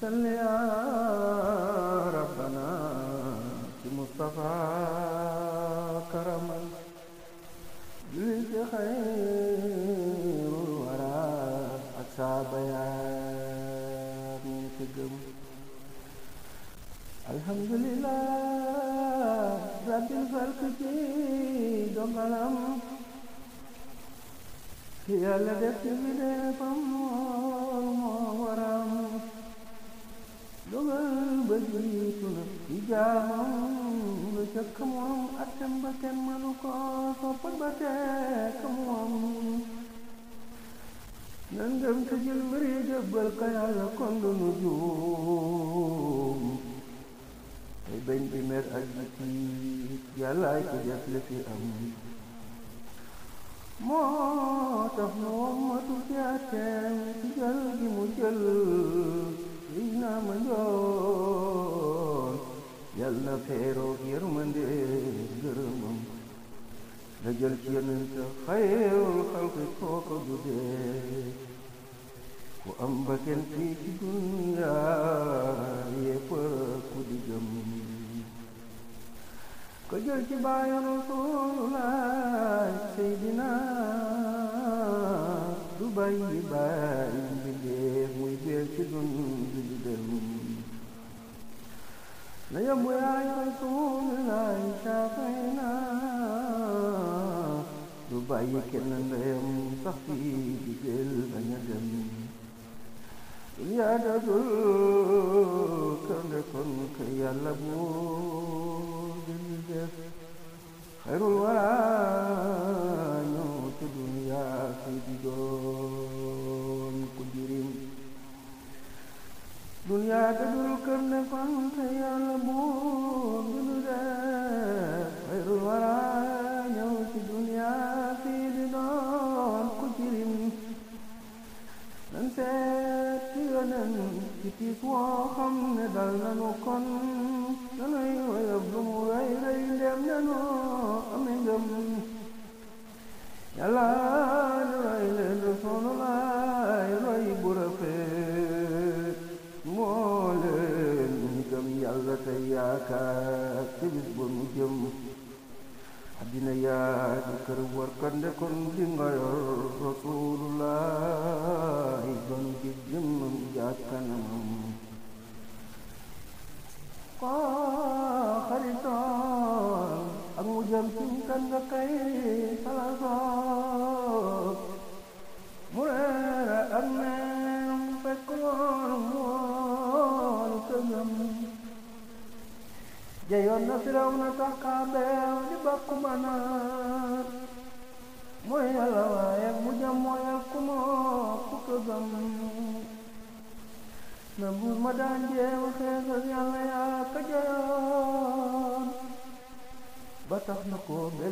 صل يا ربنا في مصطفى كرما جزيت خير الورى أصاب يا منتقم الحمد لله رب الفلك في دقلم يا لدك بدأ فمو በቤቱ ነው ይጃማው ተሸክሟም في ام ما नाम yàlla feeroo yërmande gërëmam dajal ci yonent xayrul xalqi kooko judee ku am bakken fii ci dunya yépp ku di gëm ko ايي ڪنندم سحيجي دل ۾ ياد اٿو ڪنهن کان يالله بو ڏين ڏس هر ورا يوت دنيا فيد جو ڪوجريم دنيا تڏو ತನ್ನ ಕೈ Jayon na Firauna ni bakumana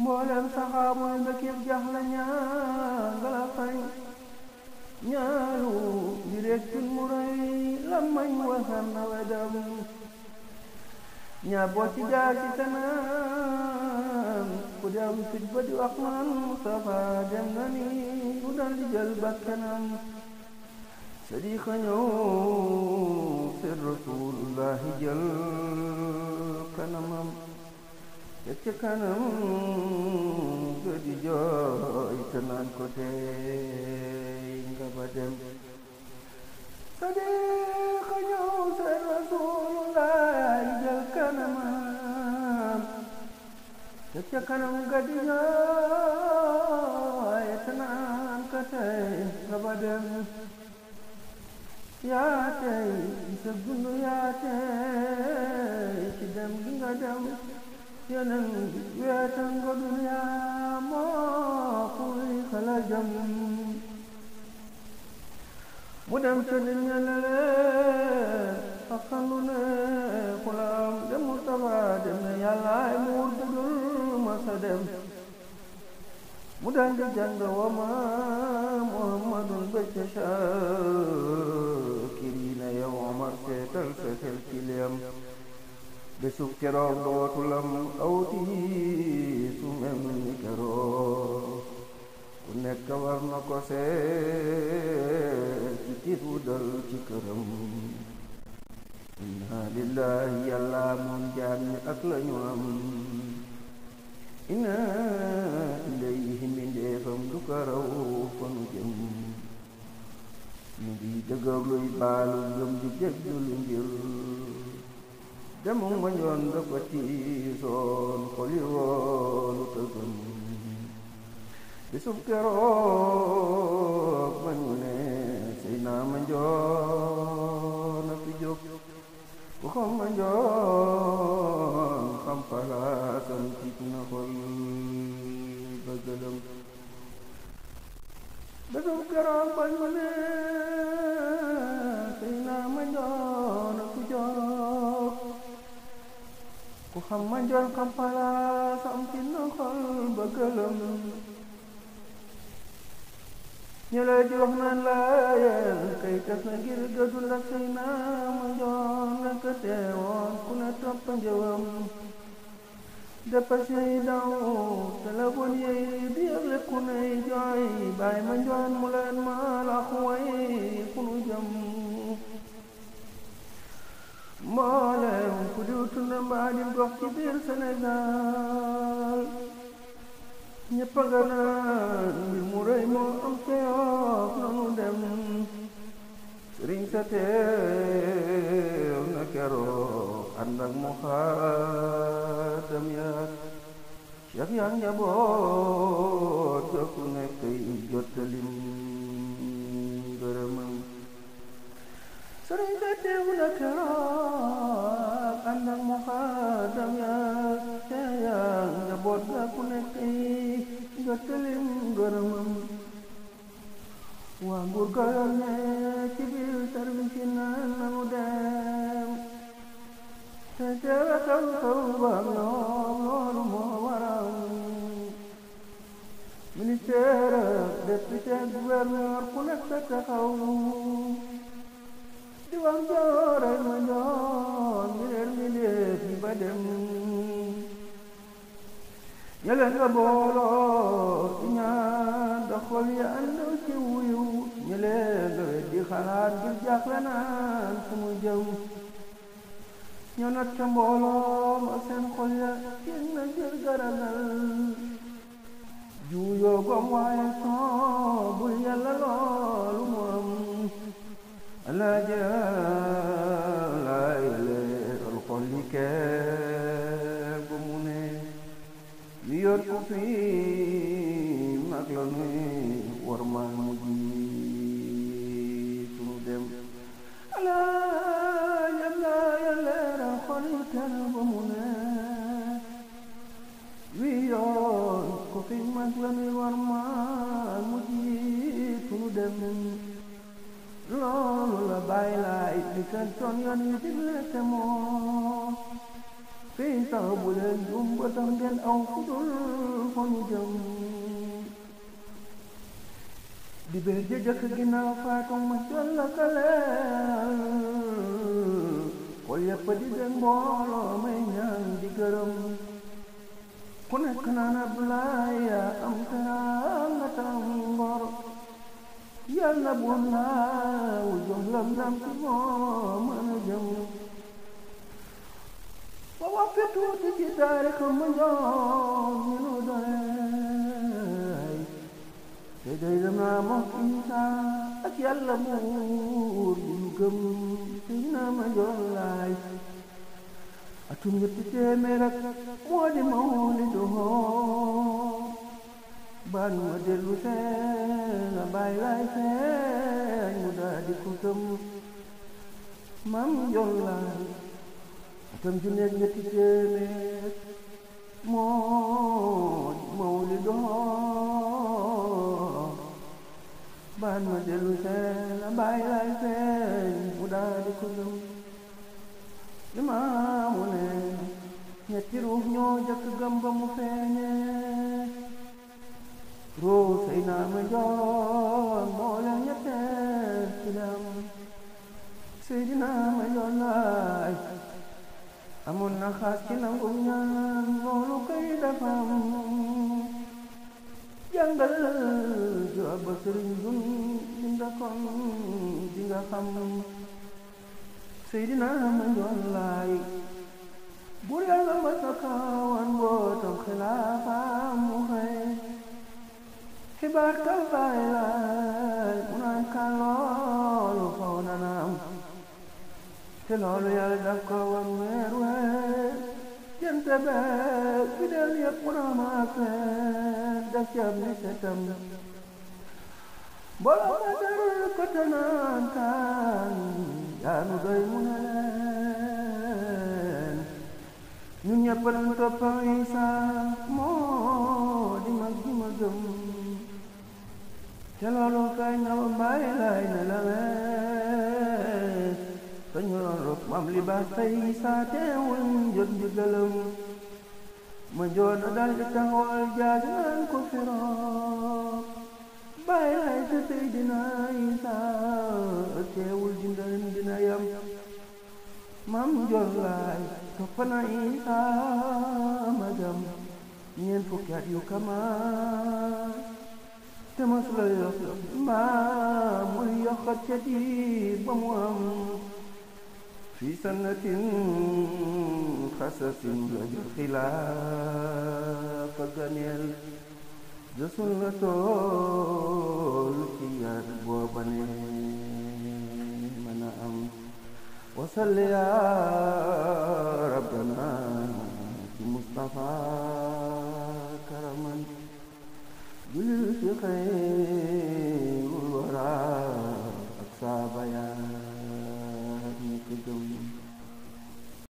mboolem saxaabu yi a jaxla ñaan ngala fay mu rëy lamañ wasan na wedam ñaa boo ci jaar ku dem sij ba di wax naan Mustafa dem di jël bakkanam sadiqa ñëw sir rasulullahi jël yeah, इतन कई सॼे कन कन गॾजो इतना कटे Ganjam yonent bi weetango duniyaa moo kuy kala jam mu dem ca duniya lele fakkandu ne kulaam de Mustafa dem ne yàllaay muur bu dul masa dem mu daldi jàng wa ma Muhammadun becce shaakiriina yow Omar seetal sa xel ci liyam bésub keroog dootulam aw tiis su mel ni keroog ku nekk war na ko seet ci tiis wu dal ci këram inna lillahi yàlla moom jaam ak lañu am inna ilayhi mbindeefam du ko raw fa jëm ñu ngi dëgër luy baalu gëm di jéggalu ngir demun nga ñoon da ko tiisoon xoli woonu tëgëm bisub keroog ma ñu ne sëy naa ma njoon a fi jóg ku xam ma Muhammad Njool Kampala sampi na xol ba gëlëm ñu la di wax naan kay tas na ngir gëddu la say naa ma njoon na ka teewoon ku ne topp njëwam dëppase yi daw téléphone yi di yëgle ku ney jooy bàyyi ma njoon mu leen ma lax ku nu jëm moo na mbaalim gox ci biir Sénégal ñëpp a nga naan mu rëy moo am teew nanu dem sëriñ sa teew na keroog ànd ak mu xaatam yaat yak yak njaboot ga ku nekk yi jottalim gërëmam sëriñ sa teew na keroog nag muxaadam yaa sayang yaa njaboot ga ku nekk yi nga kibil ngërëmam waa nguur kau yoon ne ci biir service naan na mu dem te ca xew ba dem ñele nga booloo ci ñaan da xol ya àndoo ci wuyu ñele nga weddi xalaat ngir jaaxle naan fu mu jëw ñoo nag ca mbooloo ma seen xol ya kenn na ngir garagal juuyoo gom waaye soo bul yàlla loolu mu am alaa jaa kee bu mu ne ñu yor ko fi nag la nuy war maa mujj sunu dem ala yàlla yàlla xolu tel ba mu ne ñu yor ko fi فإن ترهبوا الهجم وتهديا أو خذوا الفنجم di berjaja ke gina fatong masyalla kalal kolya padi dan bolo menyang di geram kuna kanana belaya am kanang ngatanggor yalla bunna wujuh lam lam timo manajam woppi tuuti ci taarix mu njoom ñu nu doy te doy dana moom Isa ak yàlla buur bu ñu gëm te na ma njoom atum ñetti téeméer ak moo di mawlidu baan ma dellu seen a baay laay seen mu daal ko gëm maam njoom atam junne ak ñetti téeméer moo mawlidoo baan ma dellu seen a bàyyi laay feeñ mu daal di ko ñëw imaamu ne ñetti ruux ñoo jëkk gamba amoon na xaas ci nangu ñaan moolu koy defam jàngal ju abba sëriñ dun di nga kon di nga xam Seydina ma njoon laay buur yàlla ma sa kaawan mu xëy xibaar kal baay laay mu naan nanaam te loolu yàlla daf ko wan تباك بدم يقرا ما كان دك يا ابن شتم بلا قدر كتنان كان يا نزيمنا ñun ñëpp lañ topp Isa moo di mag di ma gëm te loolu kañ na ma bàyyi laay na la wér mam li tey saa teewul jot ndigalam ma joon dal di taxawal jaag naan ko firoog bàyyi lay sa Seydina teewul dindan dina yam mam joon toppana Isa magam ñeen fukki yu kamaan te masula yox mbaa muy yoxat ca diir ba mu am في سنة خسس لدى الخلاف جميل جسنة الكيان وبني منام وصل يا ربنا في مصطفى كرما جل في خير